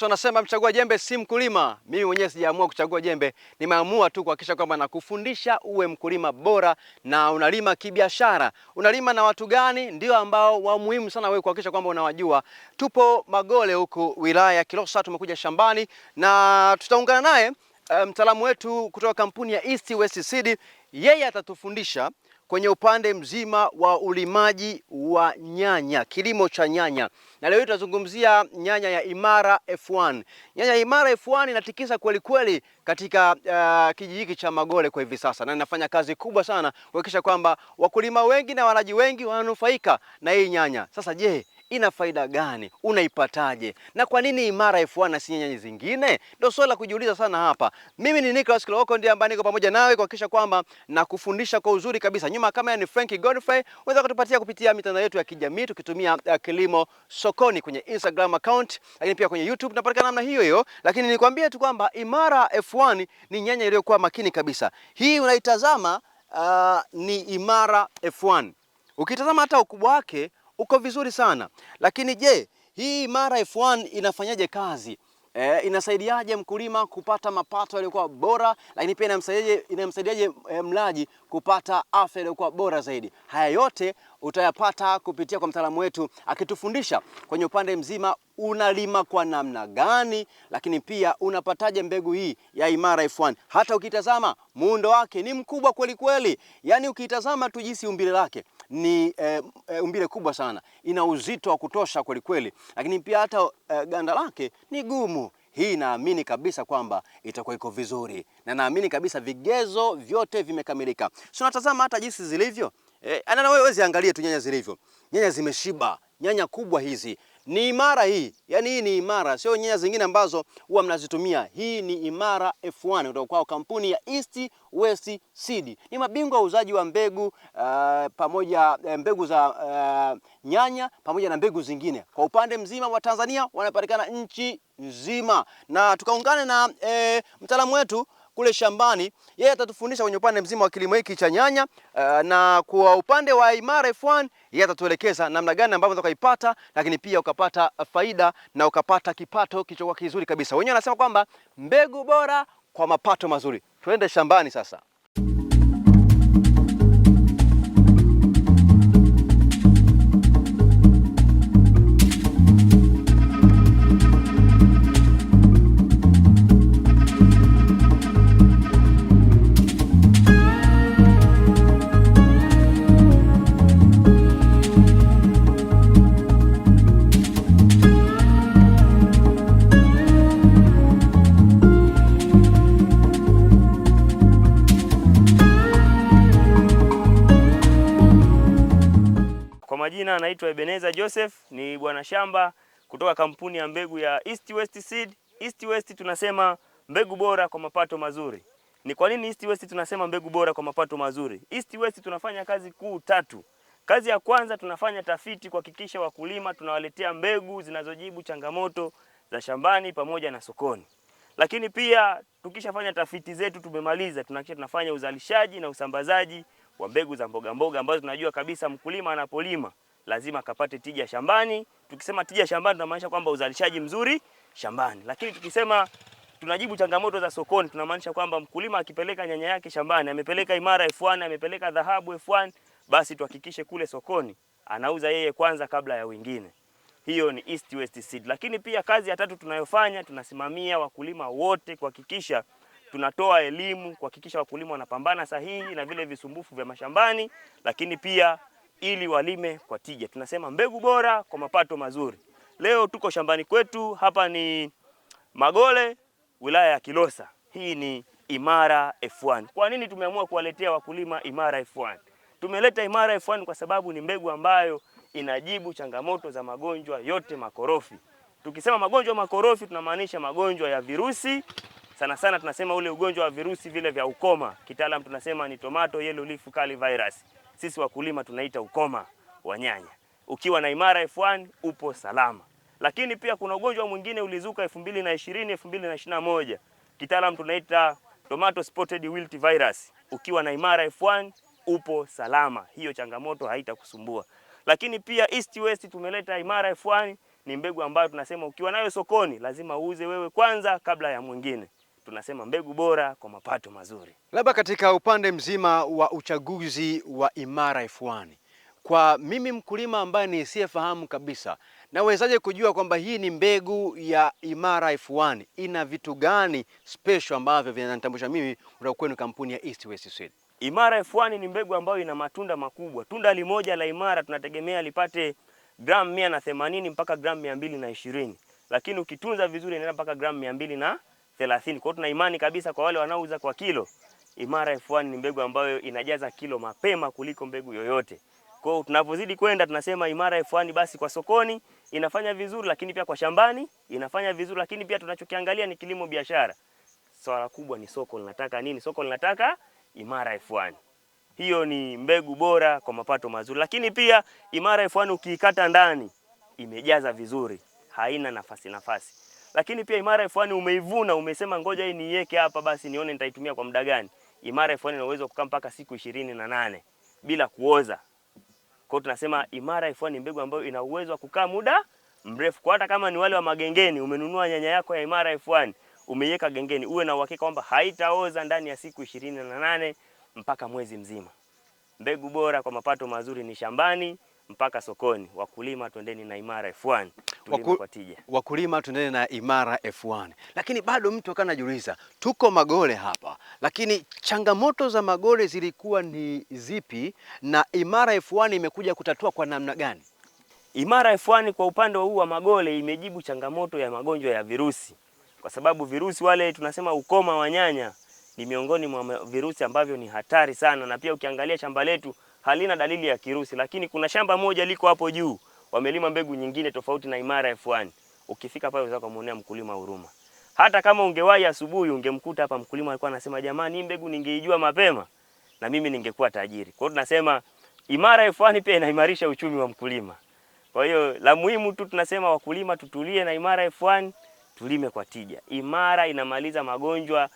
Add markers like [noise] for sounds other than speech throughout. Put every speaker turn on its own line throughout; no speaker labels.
Yesu anasema mchagua jembe si mkulima. Mimi mwenyewe sijaamua kuchagua jembe, nimeamua tu kuhakikisha kwamba nakufundisha uwe mkulima bora na unalima kibiashara. Unalima na watu gani? Ndio ambao wa muhimu sana wewe kuhakikisha kwamba unawajua. Tupo Magole huku wilaya ya Kilosa, tumekuja shambani na tutaungana naye eh, mtaalamu um, wetu kutoka kampuni ya East West Seed. Yeye atatufundisha kwenye upande mzima wa ulimaji wa nyanya, kilimo cha nyanya, na leo tunazungumzia nyanya ya Imara F1. Nyanya ya Imara F1 inatikisa kweli kweli katika uh, kijiji hiki cha Magole kwa hivi sasa, na inafanya kazi kubwa sana kuhakikisha kwamba wakulima wengi na walaji wengi wananufaika na hii nyanya. Sasa je, ina faida gani? Unaipataje? na kwa nini Imara F1 na si nyanyi zingine? Ndio swali la kujiuliza sana hapa. Mimi ni Nicholas Kiloko, ndiye ambaye niko pamoja nawe kuhakikisha kwamba nakufundisha kwa uzuri kabisa. Nyuma kama ni frank Godfrey. Unaweza kutupatia kupitia mitandao yetu ya kijamii tukitumia uh, Kilimo Sokoni kwenye Instagram account, lakini pia kwenye YouTube napatikana namna hiyo hiyo. Lakini nikwambie tu kwamba Imara F1 ni nyanya iliyokuwa makini kabisa. Hii unaitazama uh, ni Imara F1. Ukitazama hata ukubwa wake uko vizuri sana. Lakini je, hii Imara F1 inafanyaje kazi? E, inasaidiaje mkulima kupata mapato yaliyokuwa bora, lakini pia inamsaidiaje, inamsaidiaje e, mlaji kupata afya iliyokuwa bora zaidi? Haya yote utayapata kupitia kwa mtaalamu wetu akitufundisha kwenye upande mzima, unalima kwa namna gani, lakini pia unapataje mbegu hii ya Imara F1. Hata ukitazama muundo wake ni mkubwa kweli kweli, yaani ukitazama tu jinsi umbile lake ni e, umbile kubwa sana, ina uzito wa kutosha kweli kweli, lakini pia hata e, ganda lake ni gumu. Hii naamini kabisa kwamba itakuwa iko vizuri, na naamini kabisa vigezo vyote vimekamilika. Si unatazama hata jinsi zilivyo, e, na wewe angalie tu nyanya zilivyo, nyanya zimeshiba, nyanya kubwa hizi ni imara hii, yaani hii ni imara, sio nyaya zingine ambazo huwa mnazitumia. Hii ni imara F1 kutoka kwa kampuni ya East West Seed. Ni mabingwa wa uzaji wa mbegu uh, pamoja eh, mbegu za uh, nyanya pamoja na mbegu zingine kwa upande mzima wa Tanzania, wanapatikana nchi nzima, na tukaungane na eh, mtaalamu wetu kule shambani. Yeye atatufundisha kwenye upande mzima wa kilimo hiki cha nyanya uh, na kwa upande wa Imara F1 yeye atatuelekeza namna gani ambavyo unaweza kuipata, lakini pia ukapata faida na ukapata kipato kilichokuwa kizuri kabisa. Wenyewe wanasema kwamba mbegu bora kwa mapato mazuri. Tuende shambani sasa. naitwa Ebeneza Joseph, ni bwana shamba kutoka kampuni ya mbegu ya East West Seed. East West tunasema mbegu bora kwa mapato mazuri. Ni kwa nini East West tunasema mbegu bora kwa mapato mazuri? East West tunafanya kazi kuu tatu. Kazi ya kwanza tunafanya tafiti kuhakikisha wakulima tunawaletea mbegu zinazojibu changamoto za shambani pamoja na sokoni. Lakini pia tukishafanya tafiti zetu tumemaliza, tunahakikisha tunafanya uzalishaji na usambazaji wa mbegu za mboga mboga ambazo tunajua kabisa mkulima anapolima lazima kapate tija shambani. Tukisema tija shambani, tunamaanisha kwamba uzalishaji mzuri shambani, lakini tukisema tunajibu changamoto za sokoni, tunamaanisha kwamba mkulima akipeleka nyanya yake shambani, amepeleka Imara F1, amepeleka Dhahabu F1, basi tuhakikishe kule sokoni anauza yeye kwanza kabla ya wengine. Hiyo ni East West Seed. Lakini pia kazi ya tatu tunayofanya, tunasimamia wakulima wote kuhakikisha tunatoa elimu, kuhakikisha wakulima wanapambana sahihi na vile visumbufu vya mashambani, lakini pia ili walime kwa tija. Tunasema mbegu bora kwa mapato mazuri. Leo tuko shambani kwetu, hapa ni Magole, wilaya ya Kilosa. Hii ni Imara F1. Kwa nini tumeamua kuwaletea wakulima Imara F1? Tumeleta Imara F1 kwa sababu ni mbegu ambayo inajibu changamoto za magonjwa yote makorofi. Tukisema magonjwa makorofi tunamaanisha magonjwa ya virusi, sana sana tunasema ule ugonjwa wa virusi vile vya ukoma, kitaalam tunasema ni tomato yellow leaf curl virus sisi wakulima tunaita ukoma wa nyanya. Ukiwa na Imara F1 upo salama, lakini pia kuna ugonjwa mwingine ulizuka 2020 2021, kitaalamu tunaita tomato spotted wilt virus. Ukiwa na Imara F1 upo salama, hiyo changamoto haitakusumbua. Lakini pia East West tumeleta Imara F1, ni mbegu ambayo tunasema ukiwa nayo sokoni lazima uuze wewe kwanza kabla ya mwingine tunasema mbegu bora kwa mapato mazuri.
Labda katika upande mzima wa uchaguzi wa Imara F1, kwa mimi mkulima ambaye nisiyefahamu kabisa, nawezaje kujua kwamba hii ni mbegu ya Imara F1? Ina vitu gani special ambavyo vinanitambulisha mimi kutoka kwenu kampuni ya East West Seed?
Imara F1 ni mbegu ambayo ina matunda makubwa. Tunda limoja la Imara tunategemea lipate gramu 180 mpaka gramu 220 lakini ukitunza vizuri inaenda mpaka gramu mia mbili na 30. Kwa hiyo tuna imani kabisa kwa wale wanaouza kwa kilo, Imara F1 ni mbegu ambayo inajaza kilo mapema kuliko mbegu yoyote. Kwa hiyo tunapozidi kwenda tunasema Imara F1 basi kwa sokoni inafanya vizuri, lakini pia kwa shambani inafanya vizuri, lakini pia tunachokiangalia ni kilimo biashara. Swala kubwa ni soko linataka nini? Soko linataka Imara F1. Hiyo ni mbegu bora kwa mapato mazuri, lakini pia Imara F1 ukiikata ndani imejaza vizuri, haina nafasi nafasi. Lakini pia imara F1 umeivuna, umesema ngoja hii niiweke hapa basi nione nitaitumia kwa muda gani. Imara F1 ina uwezo kukaa mpaka siku ishirini na nane bila kuoza. Kwa hiyo tunasema imara F1 ni mbegu ambayo ina uwezo wa kukaa muda mrefu. Kwa hata kama ni wale wa magengeni, umenunua nyanya yako ya imara F1 umeiweka gengeni, uwe na uhakika kwamba haitaoza ndani ya siku ishirini na nane mpaka mwezi mzima. Mbegu bora kwa mapato mazuri ni shambani mpaka sokoni. Wakulima twendeni na Imara F1,
Waku, kwa tija. Wakulima twendeni na Imara F1. Lakini bado mtu akawa anajiuliza, tuko Magole hapa, lakini changamoto za Magole zilikuwa ni zipi na Imara F1 imekuja kutatua kwa namna gani?
Imara F1 kwa upande huu wa Magole imejibu changamoto ya magonjwa ya virusi, kwa sababu virusi wale tunasema ukoma wa nyanya ni miongoni mwa virusi ambavyo ni hatari sana, na pia ukiangalia shamba letu halina dalili ya kirusi, lakini kuna shamba moja liko hapo juu wamelima mbegu nyingine tofauti na Imara F1. Ukifika pale unaweza kumuonea mkulima huruma. Hata kama ungewahi asubuhi ungemkuta hapa, mkulima alikuwa anasema jamani, hii mbegu ningeijua mapema na mimi ningekuwa tajiri. Kwa hiyo tunasema Imara F1 pia inaimarisha uchumi wa mkulima. Kwa hiyo la muhimu tu tunasema wakulima tutulie na Imara F1, tulime kwa tija. Imara inamaliza magonjwa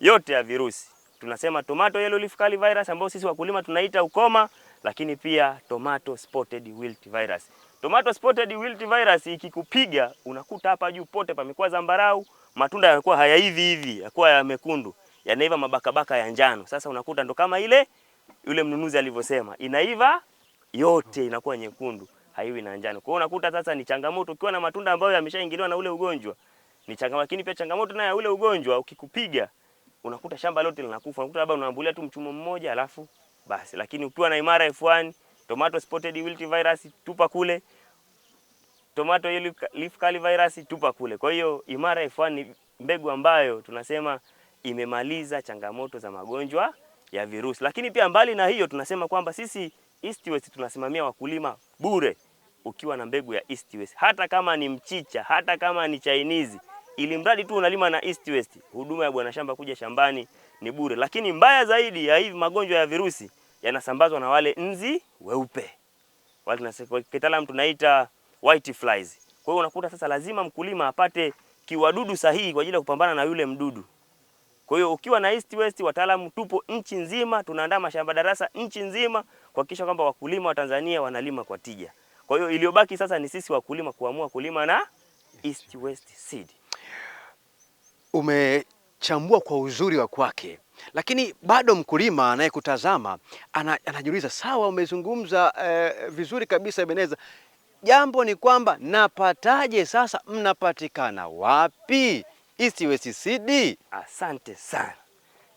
yote ya virusi tunasema tomato yellow leaf curl virus ambayo sisi wakulima tunaita ukoma, lakini pia tomato spotted wilt virus. Tomato spotted wilt virus ikikupiga unakuta hapa juu pote pamekuwa zambarau, matunda yanakuwa haya hivi hivi, yanakuwa yamekundu, yanaiva mabakabaka ya njano. Sasa unakuta ndo kama ile yule mnunuzi alivyosema, inaiva yote inakuwa nyekundu, haiwi na njano. Kwa hiyo unakuta sasa ni changamoto ukiwa na matunda ambayo yameshaingiliwa na ule ugonjwa. Ni changamoto, lakini pia changamoto nayo ya ule ugonjwa ukikupiga unakuta shamba lote linakufa, unakuta labda unaambulia tu mchumo mmoja alafu basi. Lakini ukiwa na Imara F1 tomato spotted wilt virus tupa kule, tomato yellow leaf curl virus tupa kule. Kwa hiyo Imara F1 ni mbegu ambayo tunasema imemaliza changamoto za magonjwa ya virusi. Lakini pia mbali na hiyo, tunasema kwamba sisi East West tunasimamia wakulima bure ukiwa na mbegu ya East West, hata kama ni mchicha, hata kama ni chainizi ili mradi tu unalima na east west, huduma ya bwana shamba kuja shambani ni bure. Lakini mbaya zaidi ya hivi magonjwa ya virusi yanasambazwa na wale nzi weupe, wale kitaalamu tunaita white flies. Kwa hiyo unakuta sasa lazima mkulima apate kiwadudu sahihi kwa ajili ya kupambana na yule mdudu. Kwa hiyo ukiwa na east west, wataalamu tupo nchi nzima, tunaandaa mashamba darasa nchi nzima kuhakikisha kwamba wakulima wa Tanzania wanalima kwa tija. Kwa hiyo iliyobaki sasa ni sisi wakulima kuamua kulima na east west seed
umechambua kwa uzuri wa kwake, lakini bado mkulima anayekutazama ana, anajiuliza sawa, umezungumza eh, vizuri kabisa Ebeneza. Jambo ni kwamba napataje sasa, mnapatikana wapi East West CD?
Asante sana.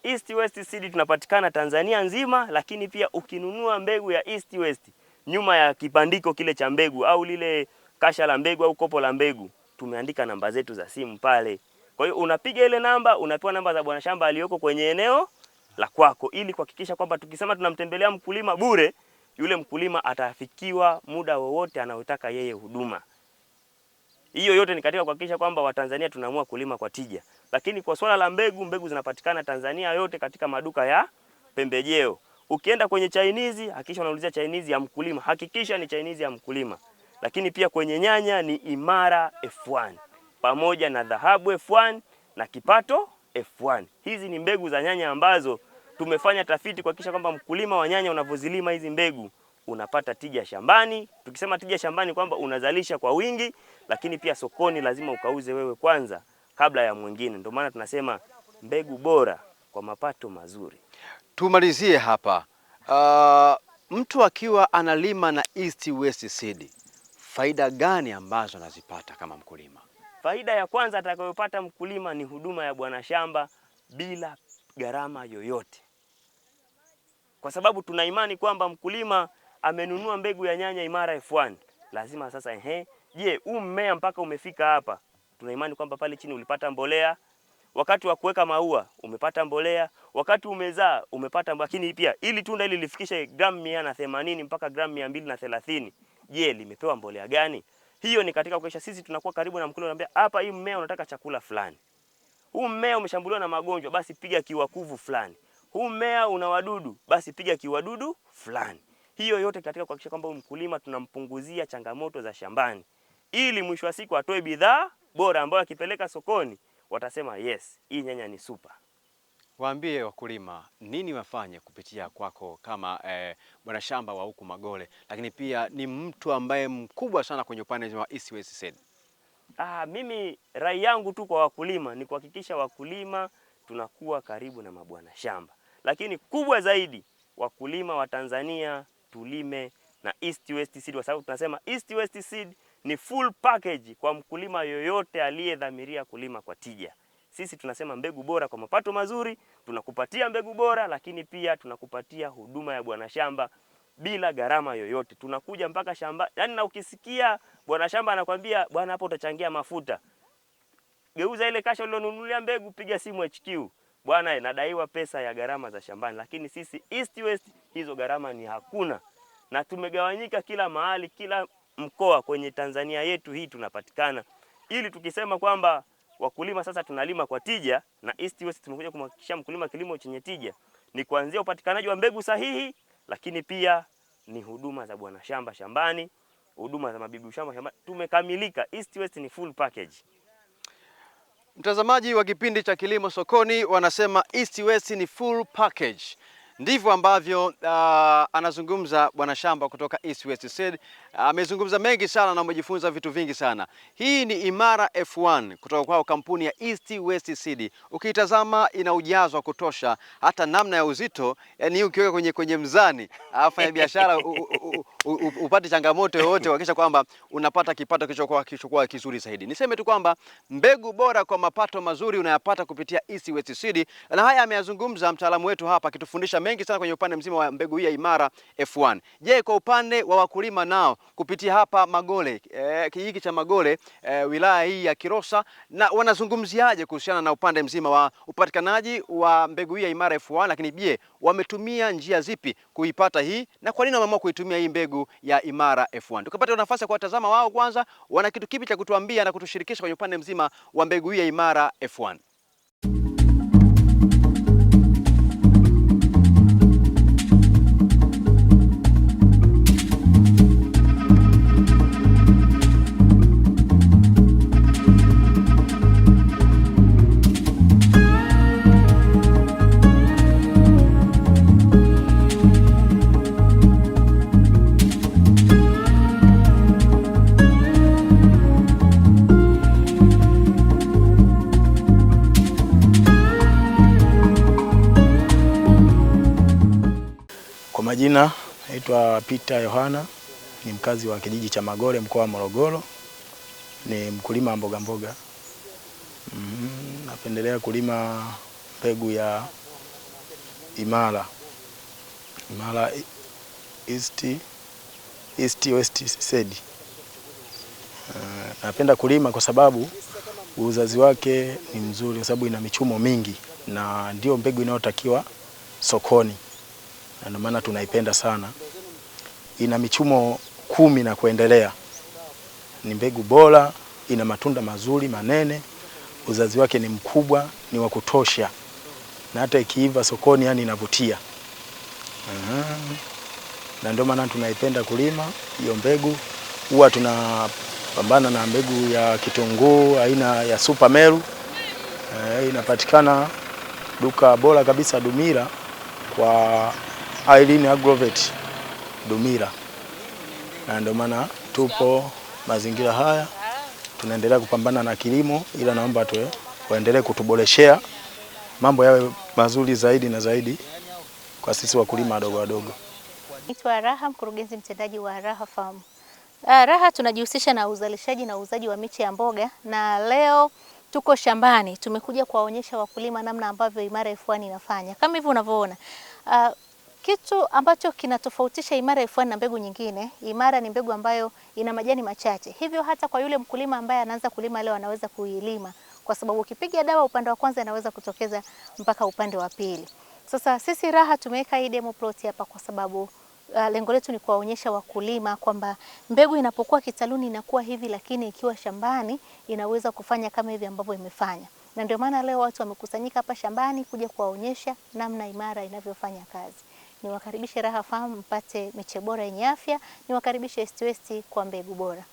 East West Seed tunapatikana Tanzania nzima, lakini pia ukinunua mbegu ya East West nyuma ya kibandiko kile cha mbegu au lile kasha la mbegu au kopo la mbegu tumeandika namba zetu za simu pale. Kwa hiyo unapiga ile namba, unapewa namba za bwana shamba aliyoko kwenye eneo la kwako, ili kuhakikisha kwamba tukisema tunamtembelea mkulima bure, yule mkulima atafikiwa muda wowote anaotaka yeye huduma hiyo yote ni katika kuhakikisha kwamba Watanzania tunaamua kulima kwa tija. Lakini kwa swala la mbegu, mbegu zinapatikana Tanzania yote katika maduka ya pembejeo. Ukienda kwenye Chinese, hakikisha unaulizia Chinese ya mkulima, hakikisha ni Chinese ya mkulima. Lakini pia kwenye nyanya ni Imara F1 pamoja na dhahabu F1 na kipato F1. Hizi ni mbegu za nyanya ambazo tumefanya tafiti kuhakikisha kwamba mkulima wa nyanya unavyozilima hizi mbegu unapata tija shambani. Tukisema tija shambani kwamba unazalisha kwa wingi, lakini pia sokoni lazima ukauze wewe kwanza kabla ya mwingine. Ndio maana tunasema mbegu bora kwa mapato mazuri.
Tumalizie hapa. Uh, mtu akiwa analima na East West Seed, faida gani ambazo anazipata kama mkulima?
Faida ya kwanza atakayopata mkulima ni huduma ya bwana shamba bila gharama yoyote, kwa sababu tuna imani kwamba mkulima amenunua mbegu ya nyanya Imara F1 lazima sasa, ehe, je, huu mmea mpaka umefika hapa, tuna imani kwamba pale chini ulipata mbolea, wakati wa kuweka maua umepata mbolea, wakati umezaa umepata mbolea. Lakini pia ili tunda ili lifikishe gramu mia na themanini mpaka gramu mia mbili na thelathini, je, limepewa mbolea gani? Hiyo ni katika kuhakikisha Sisi tunakuwa karibu na mkulima, anambia hapa, hii mmea unataka chakula fulani, huu mmea umeshambuliwa na magonjwa, basi piga kiwakuvu fulani, huu mmea una wadudu, basi piga kiwadudu fulani. Hiyo yote katika kuhakikisha kwamba mkulima tunampunguzia changamoto za shambani, ili mwisho wa siku atoe bidhaa bora ambayo akipeleka sokoni watasema yes, hii nyanya ni super.
Waambie wakulima nini wafanye kupitia kwako kama eh, bwana shamba wa huku Magole, lakini pia ni mtu ambaye mkubwa sana kwenye upande wa East West Said.
Ah, mimi rai yangu tu kwa wakulima ni kuhakikisha wakulima tunakuwa karibu na mabwana shamba, lakini kubwa zaidi wakulima wa Tanzania tulime na East West Seed, kwa sababu tunasema East West Seed ni full package kwa mkulima yoyote aliyedhamiria kulima kwa tija. Sisi tunasema mbegu bora kwa mapato mazuri, tunakupatia mbegu bora, lakini pia tunakupatia huduma ya bwana shamba bila gharama yoyote. Tunakuja mpaka shamba, yani na ukisikia bwana shamba anakwambia bwana, hapo utachangia mafuta, geuza ile kasha ulionunulia mbegu, piga simu HQ, bwana inadaiwa pesa ya gharama za shambani. Lakini sisi East West hizo gharama ni hakuna, na tumegawanyika kila mahali, kila mkoa kwenye Tanzania yetu hii tunapatikana, ili tukisema kwamba wakulima sasa tunalima kwa tija, na East West tumekuja kumhakikishia mkulima kilimo chenye tija, ni kuanzia upatikanaji wa mbegu sahihi, lakini pia ni huduma za bwana shamba shambani, huduma za mabibi shamba shambani. Tumekamilika, East West ni full package.
Mtazamaji wa kipindi cha Kilimo Sokoni wanasema East West ni full package. Ndivyo ambavyo uh, anazungumza bwana Shamba kutoka East West Said. Amezungumza uh, mengi sana na umejifunza vitu vingi sana. Hii ni Imara F1 kutoka kwao kampuni ya East West Seed. Ukiitazama ina ujazo wa kutosha, hata namna ya uzito, yani ukiweka kwenye kwenye mzani afanya [laughs] biashara upate changamoto yoyote, kuhakikisha kwamba unapata kipato kilichokuwa kilichokuwa kizuri zaidi. Niseme tu kwamba mbegu bora kwa mapato mazuri unayapata kupitia East West Seed, na haya ameyazungumza mtaalamu wetu hapa akitufundisha mengi sana kwenye upande mzima wa mbegu hii ya Imara F1. Je, kwa upande wa wakulima nao kupitia hapa Magole e, kijiji cha Magole e, wilaya hii ya Kilosa na wanazungumziaje kuhusiana na upande mzima wa upatikanaji wa mbegu hii ya Imara F1, lakini je, wametumia njia zipi kuipata hii na kwa nini wameamua kuitumia hii mbegu ya Imara F1? Tukapata nafasi ya kuwatazama wao kwanza wana kitu kipi cha kutuambia na kutushirikisha kwenye upande mzima wa mbegu hii ya Imara F1. Peter Yohana ni mkazi wa kijiji cha magore mkoa wa Morogoro, ni mkulima wa mboga mboga. Mm, napendelea kulima mbegu ya Imara Imara East, East West Seed. Uh, napenda kulima kwa sababu uzazi wake ni mzuri kwa sababu ina michumo mingi na ndio mbegu inayotakiwa sokoni, na ndio maana tunaipenda sana ina michumo kumi na kuendelea, ni mbegu bora, ina matunda mazuri manene, uzazi wake ni mkubwa, ni wa kutosha, na hata ikiiva sokoni, yani inavutia. Na ndio maana tunaipenda kulima hiyo mbegu. Huwa tunapambana na mbegu ya kitunguu aina ya Super Meru eh, inapatikana duka bora kabisa Dumila kwa Irene Agrovet. Dumila, na ndio maana tupo mazingira haya, tunaendelea kupambana na kilimo, ila naomba tu waendelee kutuboreshea mambo yawe mazuri zaidi na zaidi kwa sisi wakulima wadogo wadogo. Naitwa Raha, mkurugenzi mtendaji wa Raha Farm. Ah, Raha tunajihusisha na uzalishaji na uuzaji wa miche ya mboga, na leo tuko shambani, tumekuja kuwaonyesha wakulima namna ambavyo Imara F1 inafanya kama hivyo unavyoona. Uh, kitu ambacho kinatofautisha imara F1 na mbegu nyingine, imara ni mbegu ambayo ina majani machache, hivyo hata kwa yule mkulima ambaye anaanza kulima leo anaweza kuilima, kwa sababu ukipiga dawa upande wa kwanza inaweza kutokeza mpaka upande wa pili. Sasa sisi Raha tumeweka hii demo plot hapa kwa sababu Uh, lengo letu ni kuwaonyesha wakulima kwamba mbegu inapokuwa kitaluni inakuwa hivi, lakini ikiwa shambani inaweza kufanya kama hivi ambavyo imefanya, na ndio maana leo watu wamekusanyika hapa shambani kuja kuwaonyesha namna imara inavyofanya kazi niwakaribishe Raha Farm mpate miche bora yenye afya, niwakaribishe East West kwa mbegu bora.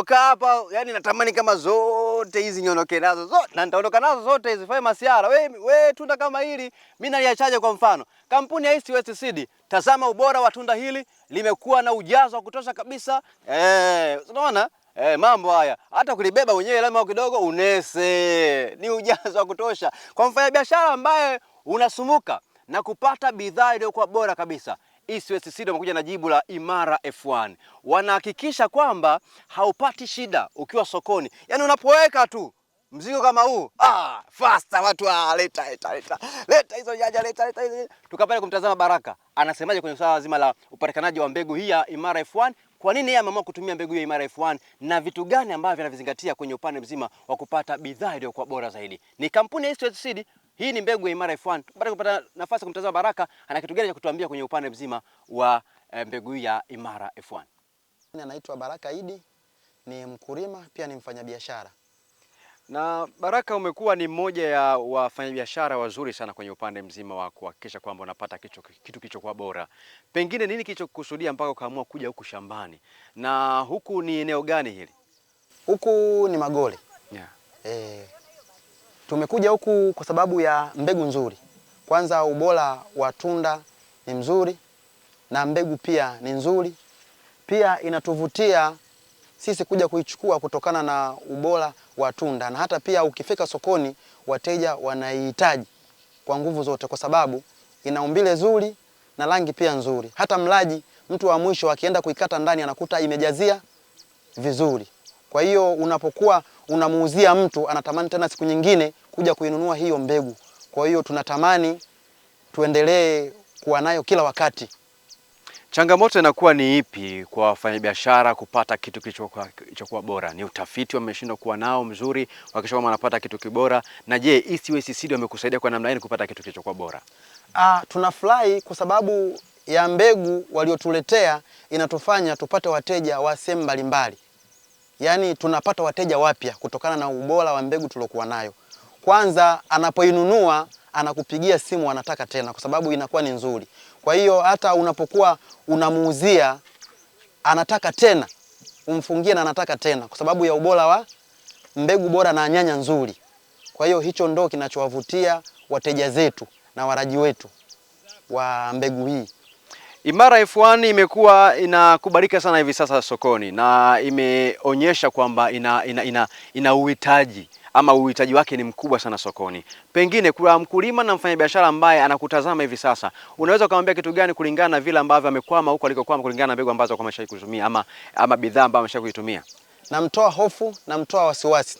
Navyokaa hapa yani natamani kama zote hizi niondoke nazo zote na nitaondoka nazo zote hizi fanya masiara. We, we tunda kama hili mimi naliachaje kwa mfano? Kampuni ya East West Seed, tazama ubora wa tunda hili limekuwa na ujazo wa kutosha kabisa. Eh, unaona? Eh, mambo haya hata kulibeba mwenyewe lama kidogo unese. Ni ujazo wa kutosha. Kwa mfanyabiashara ambaye unasumuka na kupata bidhaa iliyokuwa bora kabisa. East West Sida wamekuja na jibu la Imara F1. Wanahakikisha kwamba haupati shida ukiwa sokoni, yaani unapoweka tu mzigo kama huu ah, fasta watu ah, leta leta leta leta hizo jaja leta leta hizo. Tukapale kumtazama Baraka anasemaje kwenye swala zima la upatikanaji wa mbegu hii ya Imara F1. Kwa nini yeye ameamua kutumia mbegu ya Imara F1 na vitu gani ambavyo anavizingatia kwenye upande mzima wa kupata bidhaa iliyokuwa bora zaidi? Ni kampuni ya East West Seed hii ni mbegu ya Imara F1. Baada kupata nafasi kumtazama Baraka, ana kitu gani cha kutuambia kwenye upande mzima wa eh, mbegu hii ya Imara F1? Anaitwa Baraka Idi, ni mkulima pia ni mfanyabiashara. Na Baraka, umekuwa ni mmoja ya wafanyabiashara wazuri sana kwenye upande mzima wa kuhakikisha kwamba unapata kitu kitu kilichokuwa bora. Pengine nini kilichokusudia mpaka ukaamua kuja huku shambani, na huku ni eneo gani hili? Huku ni Magole. Yeah. Eh, Tumekuja huku kwa sababu ya mbegu nzuri. Kwanza ubora wa tunda ni mzuri na mbegu pia ni nzuri, pia inatuvutia sisi kuja kuichukua kutokana na ubora wa tunda, na hata pia ukifika sokoni wateja wanaihitaji kwa nguvu zote, kwa sababu ina umbile zuri na rangi pia nzuri. Hata mlaji mtu wa mwisho akienda kuikata ndani anakuta imejazia vizuri. Kwa hiyo unapokuwa unamuuzia mtu, anatamani tena siku nyingine kuja kuinunua hiyo mbegu. Kwa hiyo tunatamani tuendelee kuwa nayo kila wakati. Changamoto inakuwa ni ipi kwa wafanyabiashara kupata kitu kilichokuwa bora? Ni utafiti wameshindwa kuwa nao mzuri, wakisha kwamba wanapata kitu kibora? Na je, East Seed wamekusaidia kwa namna gani kupata kitu kilichokuwa bora? Ah, tunafurahi kwa sababu ya mbegu waliotuletea inatufanya tupate wateja wa sehemu mbalimbali, yaani tunapata wateja wapya kutokana na ubora wa mbegu tuliokuwa nayo kwanza anapoinunua anakupigia simu anataka tena, kwa sababu inakuwa ni nzuri. Kwa hiyo hata unapokuwa unamuuzia anataka tena, umfungie na anataka tena, kwa sababu ya ubora wa mbegu bora na nyanya nzuri. Kwa hiyo hicho ndo kinachowavutia wateja zetu na waraji wetu wa mbegu hii. Imara F1 imekuwa inakubalika sana hivi sasa sokoni na imeonyesha kwamba ina, ina, ina, ina uhitaji ama uhitaji wake ni mkubwa sana sokoni. Pengine kuna mkulima na mfanyabiashara ambaye anakutazama hivi sasa, unaweza kumwambia kitu gani kulingana na vile ambavyo amekwama huko alikokwama, kulingana na mbegu ambazo ameshawahi kuzitumia ama, ama bidhaa ambazo amesha kuitumia? Namtoa hofu, namtoa wasiwasi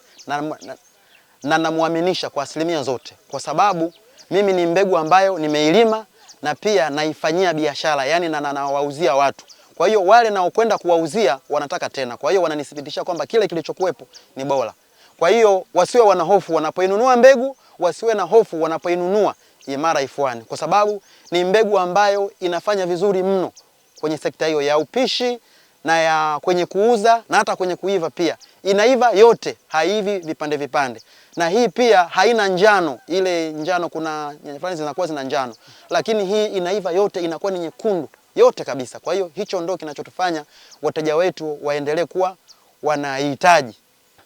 na namwaminisha na, na kwa asilimia zote, kwa sababu mimi ni mbegu ambayo nimeilima na pia naifanyia biashara, yani nanawauzia na, na watu kwa hiyo wale naokwenda kuwauzia wanataka tena, kwa hiyo wananithibitishia kwamba kile kilichokuwepo ni bora. Kwa hiyo wasiwe wana hofu wanapoinunua mbegu, wasiwe na hofu wanapoinunua Imara F1, kwa sababu ni mbegu ambayo inafanya vizuri mno kwenye sekta hiyo ya upishi na ya kwenye kuuza na hata kwenye kuiva pia. Inaiva yote, haivi vipande vipande, na hii pia haina njano. Ile njano kuna nyanya fulani zinakuwa zina njano, lakini hii inaiva yote, inakuwa ni nyekundu yote kabisa. Kwa hiyo hicho ndio kinachotufanya wateja wetu waendelee kuwa wanahitaji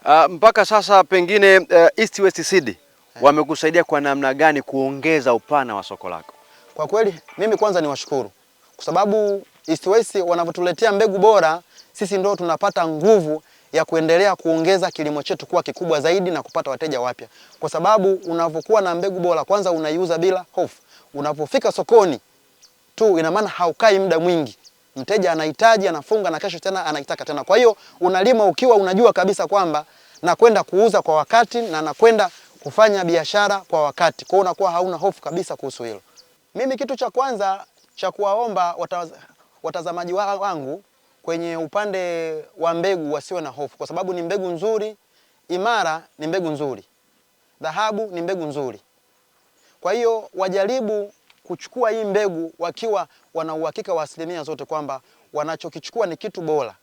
Uh, mpaka sasa pengine uh, East West Seed wamekusaidia kwa namna gani kuongeza upana wa soko lako? Kwa kweli mimi kwanza niwashukuru kwa sababu East West wanavyotuletea mbegu bora, sisi ndio tunapata nguvu ya kuendelea kuongeza kilimo chetu kuwa kikubwa zaidi na kupata wateja wapya, kwa sababu unavokuwa na mbegu bora, kwanza unaiuza bila hofu. Unapofika sokoni tu, ina maana haukai muda mwingi mteja anahitaji, anafunga na kesho tena anaitaka tena. Kwa hiyo unalima ukiwa unajua kabisa kwamba nakwenda kuuza kwa wakati na nakwenda kufanya biashara kwa wakati, kwa hiyo unakuwa hauna hofu kabisa kuhusu hilo. Mimi kitu cha kwanza cha kuwaomba watazamaji wangu kwenye upande wa mbegu wasiwe na hofu, kwa sababu ni mbegu nzuri. Imara ni mbegu nzuri, dhahabu ni mbegu nzuri. Kwa hiyo wajaribu kuchukua hii mbegu wakiwa wana uhakika wa asilimia zote kwamba wanachokichukua ni kitu bora.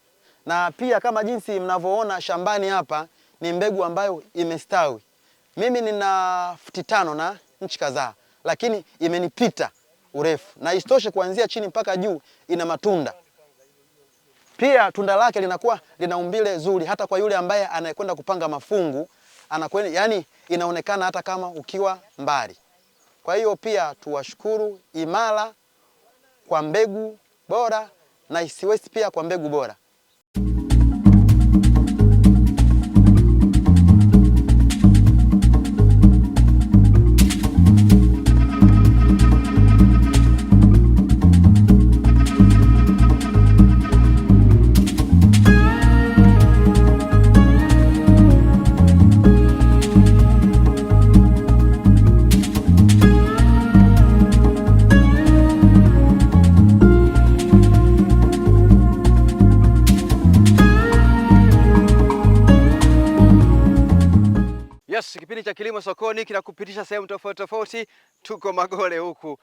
Na pia kama jinsi mnavyoona shambani hapa ni mbegu ambayo imestawi. Mimi nina futi tano na nchi kadhaa, lakini imenipita urefu, na isitoshe kuanzia chini mpaka juu ina matunda pia tunda lake linakuwa lina umbile zuri, hata kwa yule ambaye anayekwenda kupanga mafungu anakwenda, yani inaonekana hata kama ukiwa mbali. Kwa hiyo pia tuwashukuru Imara kwa mbegu bora na Isiwesi pia kwa mbegu bora. elektroniki kinakupitisha sehemu tofauti tofauti, tuko Magole huku uh,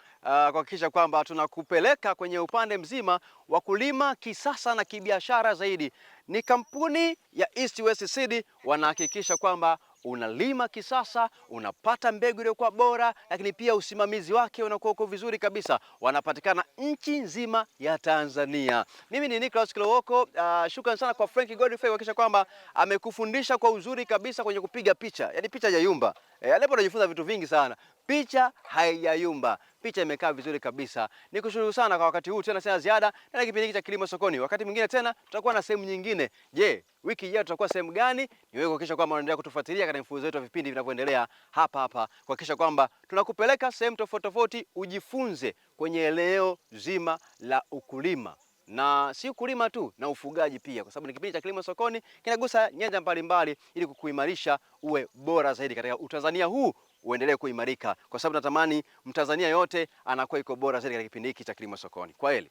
kuhakikisha kwamba tunakupeleka kwenye upande mzima wa kulima kisasa na kibiashara zaidi. Ni kampuni ya East West Seed wanahakikisha kwamba unalima kisasa, unapata mbegu iliyokuwa bora, lakini pia usimamizi wake unakuwa uko vizuri kabisa. Wanapatikana nchi nzima ya Tanzania. Mimi ni Nicholas Kilowoko. Uh, ah, shukrani sana kwa Frank Godfrey kuhakikisha kwamba amekufundisha kwa uzuri kabisa kwenye kupiga picha, yaani picha ya yumba. E, eh, alipo anajifunza vitu vingi sana. Picha haijayumba, picha imekaa vizuri kabisa. ni kushukuru sana kwa wakati huu tena sina ziada na kipindi hiki cha Kilimo Sokoni. Wakati mwingine tena tutakuwa na sehemu nyingine. Je, wiki ijayo tutakuwa sehemu gani? wewe kuhakikisha kwamba unaendelea kutufuatilia katika mfululizo wetu wa vipindi vinavyoendelea hapa hapa, kuhakikisha kwamba tunakupeleka sehemu tofauti tofauti ujifunze kwenye eneo zima la ukulima na si ukulima tu na ufugaji pia, kwa sababu ni kipindi cha Kilimo Sokoni kinagusa nyanja mbalimbali, ili kukuimarisha uwe bora zaidi katika Utanzania huu uendelee kuimarika, kwa sababu natamani Mtanzania yote anakuwa iko bora zaidi katika kipindi hiki cha kilimo sokoni. Kwa heri.